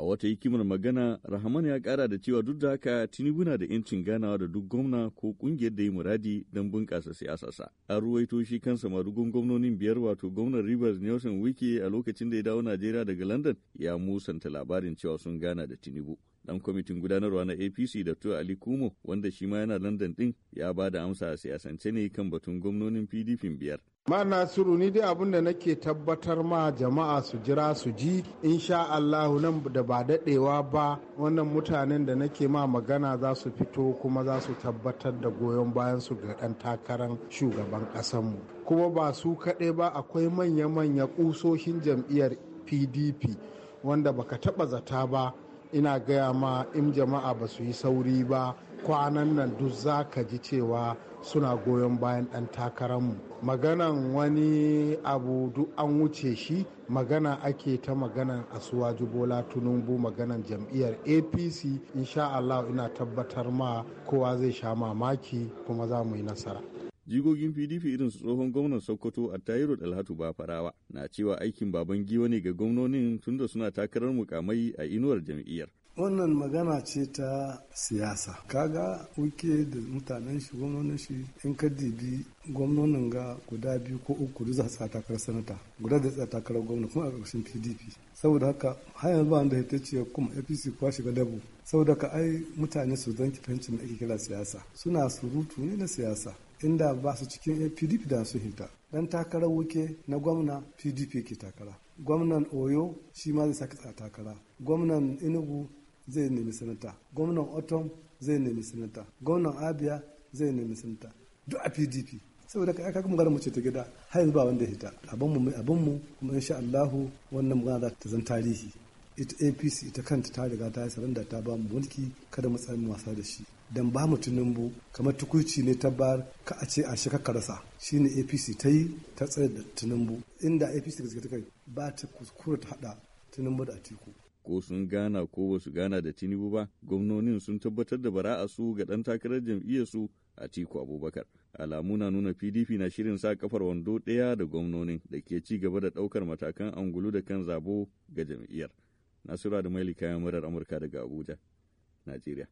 A wata hikimar magana, Rahman ya kara da cewa duk da haka Tinubu na da 'yancin ganawa da duk gwamna ko kungiyar da yi muradi don bunkasa siyasarsa. An ruwaito shi kansa marugun gwamnonin biyar wato gwamnan Rivers Nelson Wike a lokacin da ya dawo Najeriya daga London ya musanta labarin cewa sun gana da Tinubu. dan kwamitin gudanarwa na apc da tuwa ali kumo wanda shi ma yana london din ya ba da amsa a siyasance ne kan batun gwamnonin pdp biyar ma nasiru ni dai abun da nake tabbatar ma jama'a su jira su ji insha allahu nan da ba daɗewa ba wannan mutanen da nake ma magana za su fito kuma za su tabbatar da goyon bayan su ga ɗan takarar shugaban ƙasanmu kuma ba su kaɗai ba akwai manya-manya ƙusoshin jam'iyyar pdp wanda baka taɓa zata ba ina gaya ma in jama'a ba su yi sauri ba kwanan nan duk za ka ji cewa suna goyon bayan ɗan mu maganan wani abu duk an wuce shi magana ake ta maganan asuwaju bola tunumbu maganan jam'iyyar apc insha allah ina tabbatar ma kowa zai sha mamaki kuma za mu yi nasara jigogin pdp irin su tsohon gwamnan sokoto a tayiru dalhatu ba farawa na cewa aikin baban giwa ne ga gwamnonin tunda suna takarar mukamai a inuwar jam'iyyar wannan magana ce ta siyasa kaga wuke da mutanen shi gwamnonin shi in ka dibi gwamnonin ga guda biyu ko uku da za takarar sanata guda da za takarar gwamna kuma a ƙarshen pdp saboda haka har yanzu ba da ya ce kuma apc kuwa shiga dabu saboda ka ai mutane su zanki fahimci da ake kira siyasa suna surutu ne na siyasa inda ba su cikin pdp da su hita dan takarar wuke na gwamna pdp ke takara gwamnan oyo shi ma zai sake a takara gwamnan enugu zai nemi sanata gwamnan otom zai nemi sanata gwamnan abia zai nemi sanata duk a pdp saboda ka aka magana mace ta gida har yanzu ba wanda hita abin mu abin mu kuma insha Allahu wannan magana za ta zan tarihi ita APC ita kanta ta riga ta yi saranda ta ba mu mulki kada mu tsaya wasa da shi don ba mu tunumbu kamar tukuci ne ta bar ka a ce a shi rasa shine apc ta yi ta tsaye da tunumbu inda apc da ta kai ba ta kuskura ta hada tunumbu da atiku ko sun gana ko ba su gana da tinubu ba gwamnonin sun tabbatar da bara'a su ga dan takarar jam'iyyar su a tiku abubakar alamu na nuna pdp na shirin sa kafar wando ɗaya da gwamnonin da ke ci gaba da ɗaukar matakan angulu da kan zabo ga jam'iyyar nasiru da maili kayan murar amurka daga abuja najeriya